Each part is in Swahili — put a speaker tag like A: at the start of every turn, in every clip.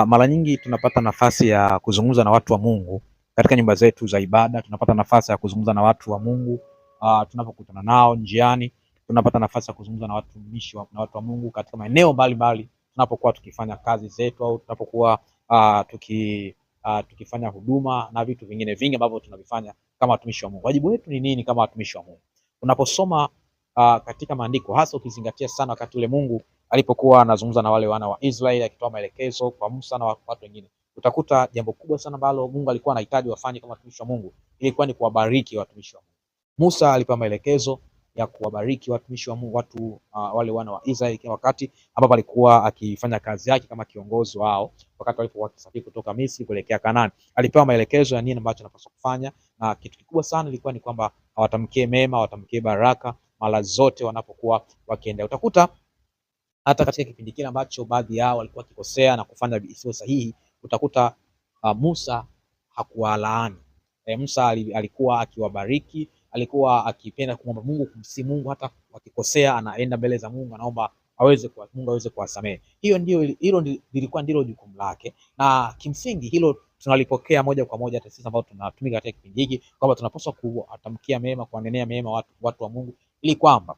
A: Ah, mara nyingi tunapata nafasi ya kuzungumza na watu wa Mungu katika nyumba zetu za ibada, tunapata nafasi ya kuzungumza na watu wa Mungu uh, tunapokutana nao njiani, tunapata nafasi ya kuzungumza na watumishi wa, na watu wa Mungu katika maeneo mbalimbali tunapokuwa tukifanya kazi zetu au tunapokuwa uh, tuki, uh, tukifanya huduma na vitu vingine vingi ambavyo tunavifanya kama watumishi wa Mungu. Wajibu wetu ni nini kama watumishi wa Mungu? Unaposoma uh, katika maandiko hasa ukizingatia sana wakati ule Mungu alipokuwa anazungumza na wale wana wa Israeli akitoa maelekezo kwa Musa na watu wengine. Utakuta jambo kubwa sana ambalo Mungu alikuwa anahitaji wafanye kama watumishi wa Mungu ilikuwa ni kuwabariki watumishi wa Mungu. Musa alipewa maelekezo ya kuwabariki watumishi wa Mungu watu uh, wale wana wa Israeli kwa wakati ambapo alikuwa akifanya kazi yake kama kiongozi wao wakati walipokuwa wakisafiri kutoka Misri kuelekea Kanaani. Alipewa maelekezo ya nini ambacho anapaswa kufanya, na kitu kikubwa sana ilikuwa ni kwamba awatamkie mema, awatamkie baraka mara zote wanapokuwa wakienda. Utakuta hata katika kipindi kile ambacho baadhi yao walikuwa wakikosea na kufanya isiyo sahihi, utakuta uh, Musa hakuwalaani. E, Musa alikuwa akiwabariki, alikuwa akipenda kumwomba Mungu, kumsi Mungu, hata wakikosea anaenda mbele za Mungu, anaomba aweze kwa, Mungu aweze kuwasamehe. Hiyo ndio hilo lilikuwa ndilo jukumu lake, na kimsingi hilo tunalipokea moja kwa moja, hata sisi ambao tunatumika katika kipindi hiki, kwamba tunapaswa kuwatamkia mema, kuwanenea mema watu, watu wa Mungu ili kwamba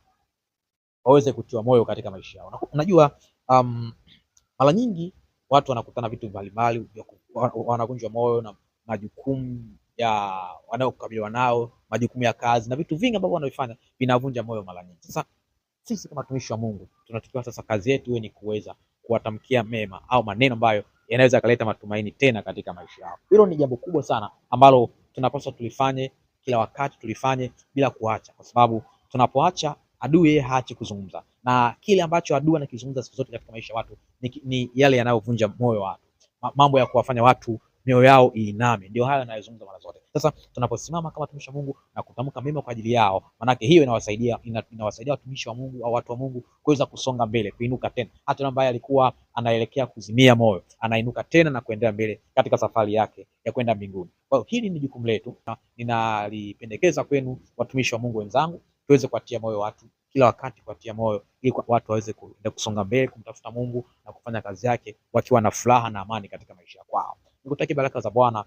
A: waweze kutiwa moyo katika maisha yao. Unajua, um, mara nyingi watu wanakutana vitu mbalimbali, wanagonjwa moyo na majukumu ya wanaokabiliwa nao, majukumu ya kazi na vitu vingi ambavyo wanavifanya vinavunja moyo mara nyingi. Sasa sisi kama watumishi wa Mungu tunatakiwa sasa, kazi yetu iwe ni kuweza kuwatamkia mema au maneno ambayo yanaweza yakaleta matumaini tena katika maisha yao. Hilo ni jambo kubwa sana ambalo tunapaswa tulifanye kila wakati, tulifanye bila kuacha, kwa sababu tunapoacha adui yeye haachi kuzungumza, na kile ambacho adui anakizungumza siku zote katika maisha ya watu ni, ni yale yanayovunja moyo watu, mambo ya kuwafanya watu mioyo yao iiname, ndio hayo anayozungumza mara zote. Sasa tunaposimama kama watumishi wa Mungu na kutamka mema kwa ajili yao, manake hiyo inawasaidia ina, inawasaidia watumishi wa Mungu au watu wa Mungu kuweza kusonga mbele, kuinuka tena. Hata yule ambaye alikuwa anaelekea kuzimia moyo anainuka tena na kuendelea mbele katika safari yake ya kwenda mbinguni. Kwa hiyo hili ni jukumu letu, ninalipendekeza kwenu watumishi wa Mungu wenzangu tuweze kuwatia moyo watu kila wakati, kuwatia moyo ili watu waweze kuenda eh, kusonga mbele kumtafuta Mungu na kufanya kazi yake wakiwa na furaha na amani katika maisha kwao. Nikutakie baraka za Bwana.